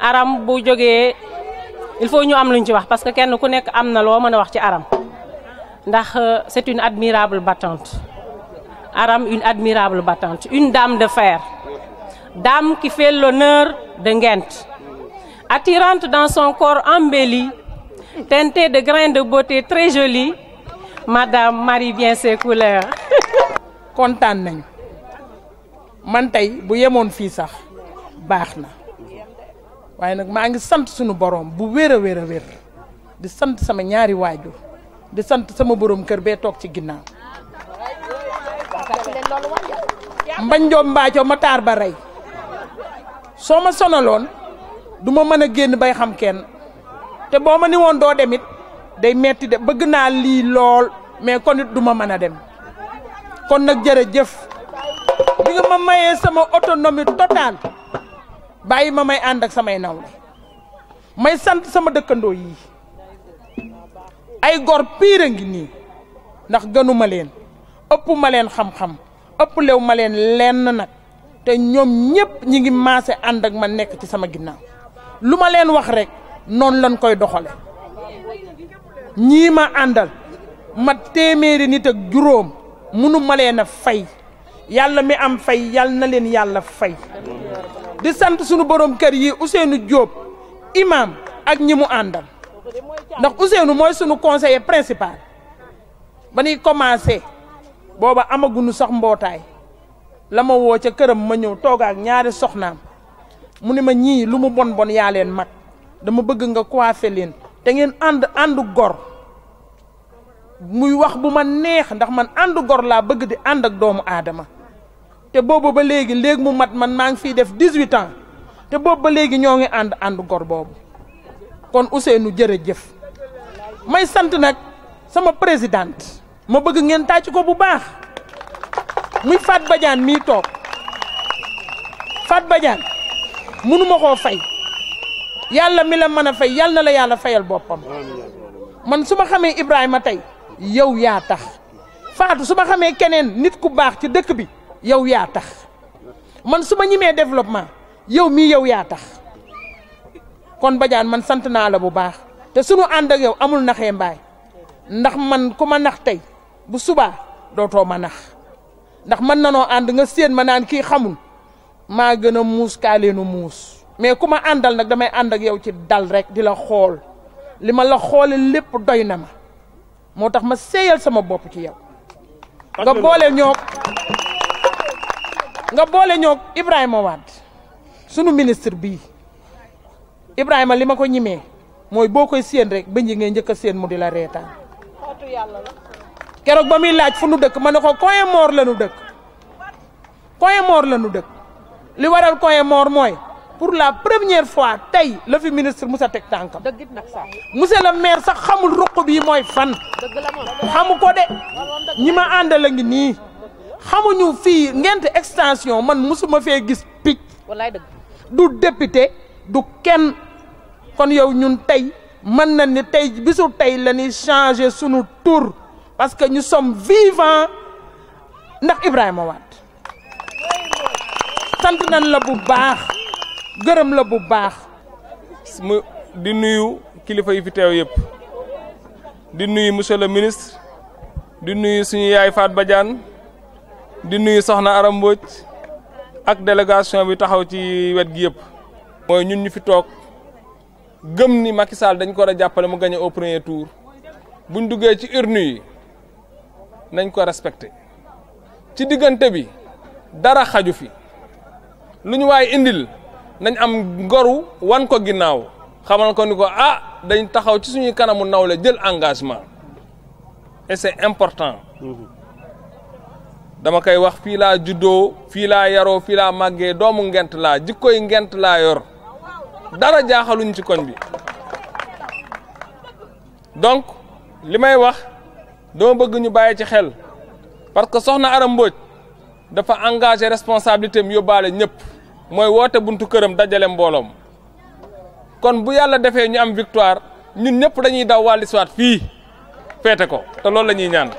aram bu il faut ñu am luñ ci wax parce que kenn ku nek amna lo wax ci aram ndax euh, c'est une admirable battante aram une admirable battante une dame de fer dame qui fait l'honneur de gent. attirante dans son corps embelli teintée de grains de beauté très jolie madame marie bien ses couleurs kontaan man tay bu sax baax na waaye nag maa ngi sant sunu borom bu wér a wér a wér di sant sama ñaari waajur di sant sama borom kër bee toog ci ginnaaw mbañ joom mbaajoo ma taar ba rey soo ma sonaloon du ma mën a génn bay xam kenn te boo ma ni woon doo demit day metti de bëgg naa lii lool mais kon it du ma mën a dem kon nag jërëjëf jëf nga ma mayee sama autonomie totale bàyyi ma may ànd ak samay nawle may sant sama dëkkandoo yii ay gor piir a ngi nii ndax gënuma leen ëpp leen xam-xam ëpp lew ma leen lenn nag te ñoom ñépp ñi ngi maase ànd ak ma nekk ci sama ginnaaw lu ma leen wax rekk noonu lañ koy doxale ñii ma àndal ma téeméeri nit ak juróom mënuma leen a fay yàlla mi am fay yàlla na leen yàlla fay di sant sunu borom kër yi Ousseynou jóob imam ak ñi mu àndal ndax Ousseynou mooy sunu conseiller principal ba ñuy commencé booba amaguñu sax mbootaay la ma woo ca këram ma ñëw toog ak ñaari soxnaam mu ne ma ñii lu mu bon bon yaa leen mag dama bëgg nga coiffé leen te ngeen ànd àndu gor muy wax bu ma neex ndax man àndu gor laa bëgg di ànd ak doomu aadama te boobu ba léegi léeg mu mat man maa ngi fiy def dis huit ans te boobu ba léegi ñoo ngi ànd ànd gor boobu kon nu Ousseynou jëf may sant nag sama présidente ma bëgg ngeen tàcc ko bu baax muy Fat Badiane mii toog Fat Badiane mënuma koo fay yàlla mi la mën a fay yàlla la yàlla fayal boppam man su ma xamee Ibrahima tey yow yaa tax Fatou su ma xamee keneen nit ku baax ci dëkk bi yow yaa tax man su ma ñimee développement yow mii yow yaa tax kon bajaan man sant naa la bu baax te sunu ànd ak yow amul naxee mbaay ndax man ku ma nax tey bu subaa dootoo ma nax ndax mën nanoo ànd nga séen ma naan kii xamul maa gën a muus kaaleenu muus mais ku ma àndal nag damay ànd ak yow ci dal rek di la xool li ma la xoole lépp doy na ma moo tax ma seeyal sama bopp ci yow nga boole ñoo nga boole ñoo Ibrahima Wade sunu ministre bii Ibrahima li ma ko ñimee mooy boo koy séen rek ba nji ngay njëkk a séen mu di la reetaan keroog ba muy laaj fu nu dëkk ma ne ko Coin Mor la nu dëkk Coin Mor la nu dëkk li waral Coin Mor mooy pour la première fois tey la fi ministre sa teg tànkam monsieur la maire sax xamul ruq bii mooy fan xamu ko de ñi ma àndal a ngi nii xamuñu fii ngent extension man mosuma fee gis picc. wallaay dëgg du député du kenn kon yow ñun tey mën na ni tey bisu tey la ñuy changer sunu tur parce que ñu sommes vivants ndax Ibrahima sant nañ la bu baax gërëm la bu baax. mu di nuyu kilifa yu fi teew yëpp di nuyu monsieur le ministre di nuyu suñu yaay Faat Badiane. di nuyu soxna Aram Mbodj ak délégation bi taxaw ci wet gi yëpp. mooy ñun ñu fi toog gëm ni Macky Sall dañ ko war a jàppale mu gagné au premier tour buñ duggee ci urne yi nañ ko respecté ci diggante bi dara xaju fi lu ñu waaye indil nañ am ngoru wan ko ginnaaw xamal ko ni ko ah dañ taxaw ci suñuy kanamu nawle jël engagement et c'est important. Mm-hmm. dama kay wax fii judo juddoo fii laa yaroo fii laa màggee doomu ngent jikko yi ngent la yor dara jaaxaluñ ci koñ bi donc limay may wax dama bëgg ñu bàyyi ci xel parce que soxna Aram Mbodj dafa engager responsabilité mu yobale ñëpp moy wote buntu kërëm dajale mbolom kon bu yalla nyam ñu am victoire ñun ñëpp dañuy daw wàlli siwaat fii ko té loolu lañuy ñaan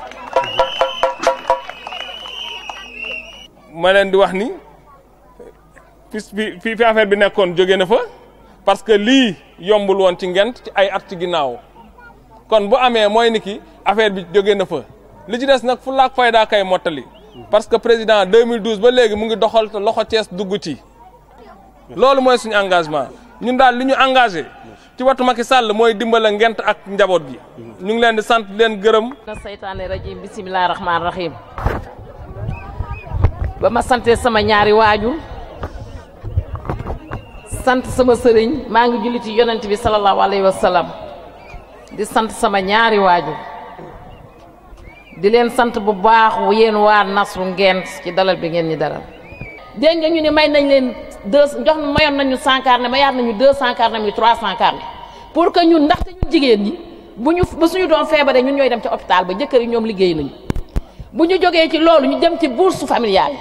malen di wax ni fis fi fi affaire bi nekkon joge na fa parce que li yombul won ci ngent ci ay ginaaw kon bu amé moy niki affaire bi joge na fa li ci dess nak fu lak fayda kay motali parce que président 2012 ba légui mu ngi doxal to loxo ties dugg ci loolu suñu engagement ñun dal li ñu engagé ci watu Macky Sall moy dimbal ngent ak njabot gi ñu ngi leen di sante leen gëreum na seytaane rajim bismillahir rahmanir rahim bama ma sante sama ñaari waju sante sama sëriñ maa ngi julli ci yonent bi sallallahu Alaihi Wasallam. di sante sama ñaari waju di len sante bu baax yéen waa nasru ngeen ci dalal bi ngeen ñu dalal dégg nga ñu ne may nañ leen deux jox mayoon nañu cent carnet mayaat nañu deux cent carnet mi trois cent carnet pour que ñun ndaxte ñun jigéen ñi bu ñu ba suñu doon febaré ñun ñoy dem ci hôpital ba jëkëri ñom liggéey nañu bu ñu jógee ci loolu ñu dem ci bourse familiale yi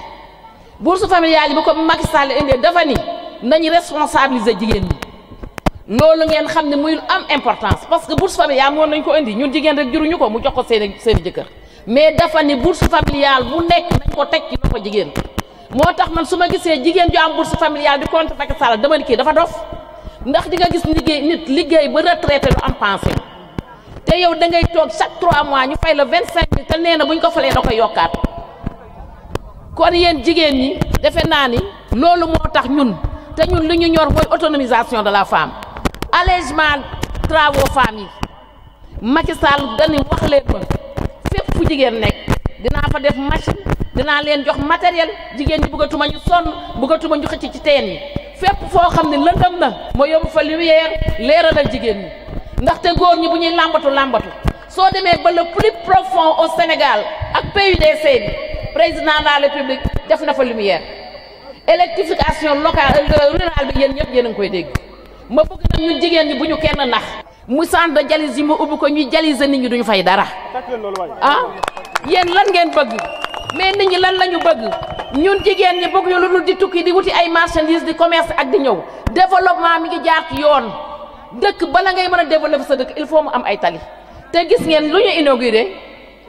bourse familiale yi bu ko Macky Sall indee dafa ni nañu responsabiliser jigéen ñi loolu ngeen xam ne muy am importance parce que bourse familiale moom nañ ko indi ñun jigéen rek juruñu ko mu jox ko seen seen jëkkër mais dafa ni bourse familiale bu nekk nañ ko teg ci loxo jigéen moo tax man su ma gisee jigéen ju am bourse familiale di compte Macky Sall dama ni dafa dof ndax di nga gis liggéey nit liggéey ba retraité lu am te yow da ngay toog chaque trois mois ñu fay la vingt cinq mille te nee na bu ñu ko falee da koy yokkaat kon yéen jigéen ñi defe naa ni loolu moo tax ñun te ñun li ñu ñor mooy autonomisation de la femme allègement travaux femmes yi Macky Sall dañu wax leen ma fépp fu jigéen nekk dina fa def machine dinaa leen jox matériel jigéen ñi bëggatuma ñu sonn bëggatuma ñu xëcc ci teen yi fépp foo xam ne lëndëm na ma yóbbu fa lumière leeralal jigéen ñi ndaxte góor ñi bu ñuy làmbatu làmbatu soo demee ba le plus profond au Sénégal ak PUDC bi président de la république def na fa lumière électrification locale euh, rurale bi yéen ñëpp yéen a koy dégg ma bëgg nag ñun jigéen ñi bu ñu kenn nax mu centre de dialyse yi mu ubbi ko ñuy dialyser nit ñi duñu fay dara ah yéen lan ngeen bëgg mais nit ñi lan la ñu bëgg ñun jigéen ñi bëgg ñu lu dul di tukki di wuti ay marchandises di commerce ak di ñëw développement mi ngi jaar ci yoon dëkk bala ngay mën a développer sa dëkk il faut mu am ay tali te gis ngeen lu ñu inauguré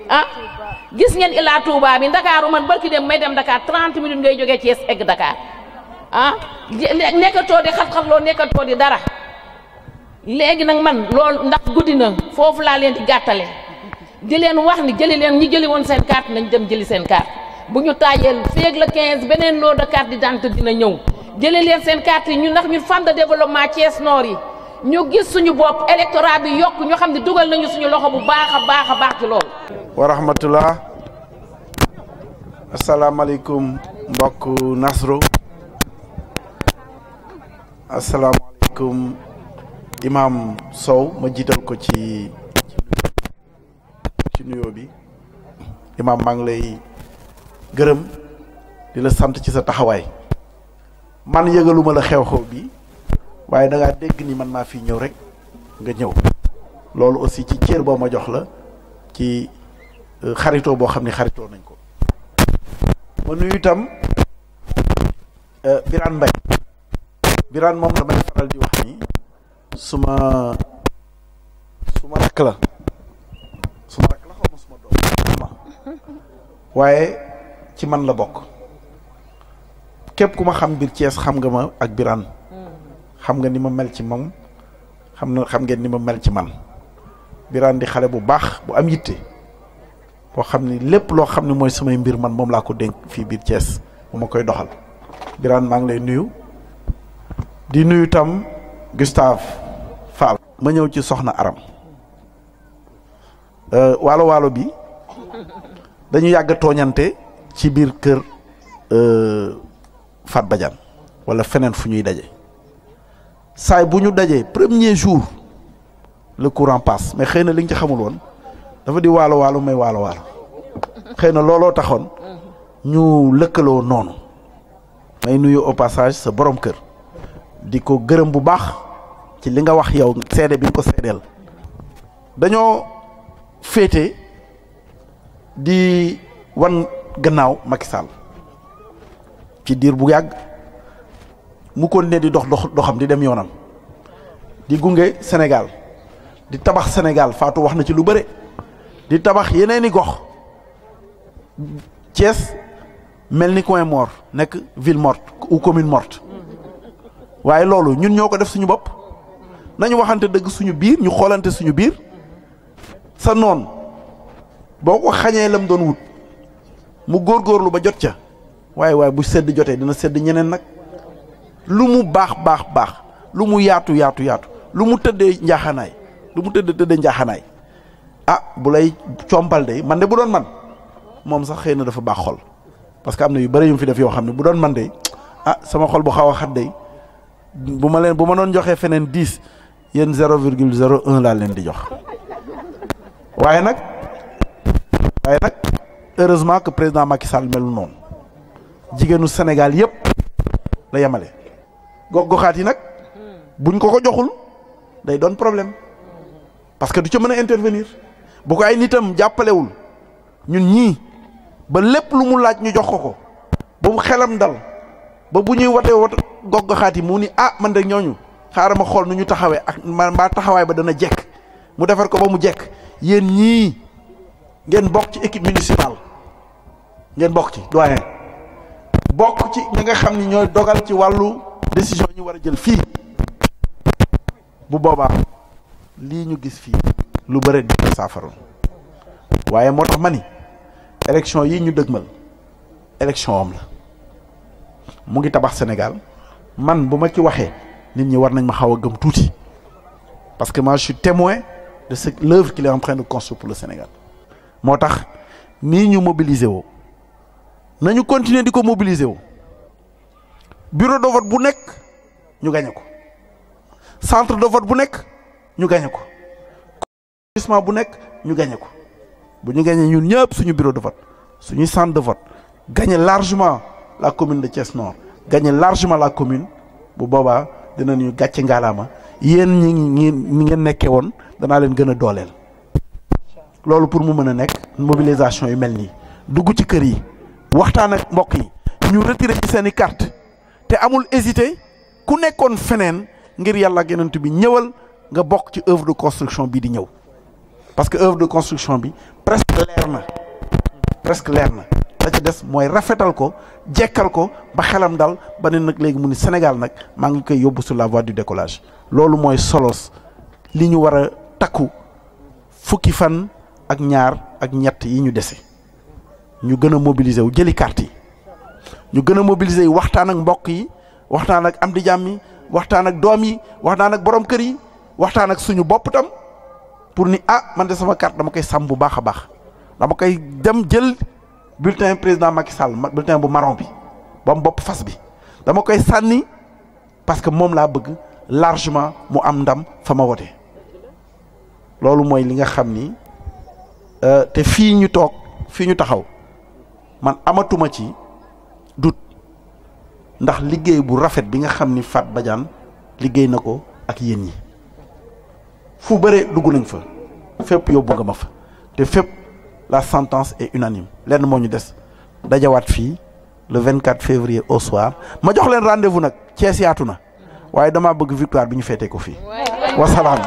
ah gis ngeen Ila Touba bi Ndakaaru man barki dem may dem Dakar 30 minutes ngay jógee Thiès egg Dakar ah nekkatoo di xat-xatloo nekkatoo di dara léegi nag man loolu ndax guddi na foofu laa leen di gàttale di leen wax ni jëli leen ñi jëli woon seen carte nañ dem jëli seen carte bu ñu taajeel féeg la 15 beneen lot de carte d'identité na ñëw jëli leen seen carte yi ñun ndax ñun femme développement Thiès Nord yi. ñu gis suñu bopp électorat bi yokk ñu xam ne dugal nañu suñu loxo bu baax baax a baax ci loolu. wa rahmatullah asalaamaaleykum mbokk Nasro asalaamaaleykum imaam Sow ma jiital ko ci ci nuyoo bi imaam maa ngi lay gërëm dina sant ci sa taxawaay man yëgaluma la xew-xew bi. waaye da dégg ni man maa fi ñëw rek nga ñëw loolu aussi ci cër boo ma jox la ci euh, xaritoo boo xam ne xaritoo nañ ko ma nuyu itam euh, biraan Mbaye biraan moom damay faral di wax ni su ma su rakk la su ma rakk la xaw ma su doom waaye ci man la bokk képp ku ma xam mbir cees xam nga ma ak Birane xam nga ni ma mel ci moom xam na xam ngeen ni ma mel ci man Birane di xale bu baax bu am yitte boo xam ni lépp loo xam ne mooy samay mbir man moom laa ko dénk fii biir Thiès bu ma koy doxal Birane maa ngi lay nuyu di nuyu tam Gustave Fall ma ñëw ci soxna Aram euh, waalo waalo bi dañu yàgg tooñante ci biir kër euh, Fat Badiane wala feneen fu ñuy daje saay premier jour le courant passe mais xëy na li ci xamul woon dafa di waalo waalo may waalo waalo xëy na looloo ñu nuyu au passage sa borom di gërëm bu ci li nga wax yow bi ko di wan gannaaw mu continuer di dox dox doxam di dem yonam di gunge Sénégal di tabax Sénégal Fatou waxna ci lu bëre di tabax yeneeni gox Thiès mel coin mort nek ville morte ou commune morte waye lolu ñun ñoko def suñu bop nañu waxante deug suñu biir ñu xolante suñu biir sa non boko xagne lam doon wut mu góorgóorlu ba jot ca bu sedd joté dina sedd ñeneen nak lu mu baax baax baax lu mu yaatu yaatu yaatu lu mu tëddee njaaxanaay lu mu tëdd tëddee njaaxanaay ah bu lay compal de man de bu doon man moom sax xëy na dafa baax xol parce que am na yu bëri yu fi def yoo xam ne bu doon man de ah sama xol bu xaw a xat de bu ma leen bu ma doon joxee feneen diis yéen zéro virgule zéro un laa leen di jox waaye nag waaye nag heureusement que président Macky Sall melu noonu jigéenu Sénégal yëpp la yemale. Gok goxaat nak hmm. buñ ko ko joxul day don problème parce que du ci meuna intervenir bu ko ay nitam jàppalewul ñun ñi ba lepp lu mu laaj ñu jox ko ko bu mu xelam dal ba bu ñuy watee wat gog mu ni ah man rek ñoñu xaarama xol nu ñu taxawé ak mbaa taxaway ba dana jek mu defar ko ba mu jek yéen ñi ngeen bok ci équipe municipale ngeen bok ci doyen bok ci nga xamni ñoy dogal ci walu décision ñu wara jël fi bu boba li ñu gis fi, lu bëre di safaru waye waaye moo tax ma élection yi ñu dëgmal élection am la mu ngi tabax Sénégal man bu ma ci waxé nit ñi war nañ ma xaw gëm tuuti parce que moi je suis témoin de ce l'œuvre qu'il est en train de construire pour le Sénégal motax ni ñu mobiliser wo nañu continuer di ko mobiliser woo bureau de vote bu nekk ñu gañe ko centre de vote bu nekk ñu gañe ko arrondissement bu nekk ñu gañe ko bu ñu gañe ñun ñëpp suñu bureau de vote suñuy centre de vote gañe largement la commune de Thiès Nord gañe largement la commune bu boobaa dinañu gàcce ngaalaama yéen ñi ñi ñi ngeen nekkee woon danaa leen gën a dooleel loolu pour mu mën a nekk mobilisation yu mel nii dugg ci kër yi waxtaan ak mbokk yi ñu retiré ci seen i te amul hésiter ku nekkoon fenen ngir yalla ak yonent bi ñëwal nga bok ci œuvre de construction bi di ñëw parce que œuvre de construction bi presque leer na presque leer na ci des moy rafetal ko jékkal ko ba xelam dal ba ne nag mu ni Sénégal nak ma ngi koy yobbu sur la voie du décollage lolu moy solos li ñu wara agnyar takku fukki fan ak ñaar ak ñett yi ñu déssé ñu wu jëli carte ñu gën a mobiliser yi waxtaan ak mbokk yi waxtaan ak am di jàmm yi waxtaan ak doom yi waxtaan ak borom kër yi waxtaan ak suñu bopp tam pour ni ah man de sama carte dama koy sàmm bu baax a baax dama koy dem jël bulletin président Macky Sall bulletin bu marron bi ba mu bopp fas bi dama koy sànni parce que moom laa bëgg largement mu am ndam fa ma wote loolu mooy li nga xam ni euh, te fii ñu toog fii ñu taxaw man amatuma ci dut ndax liggéey bu rafet bi nga xam ni Fat Badiane liggéey na ko ak yéen ñi fu bëre dugg nañ fa fépp yóbbu nga ma fa te fépp la sentence est unanime lenn moo ñu des dajawaat fii le 24 février au soir ma jox leen rendez-vous nag Cees yaatu na waaye damaa bëgg victoire bi ñu feetee ko fii wasalaam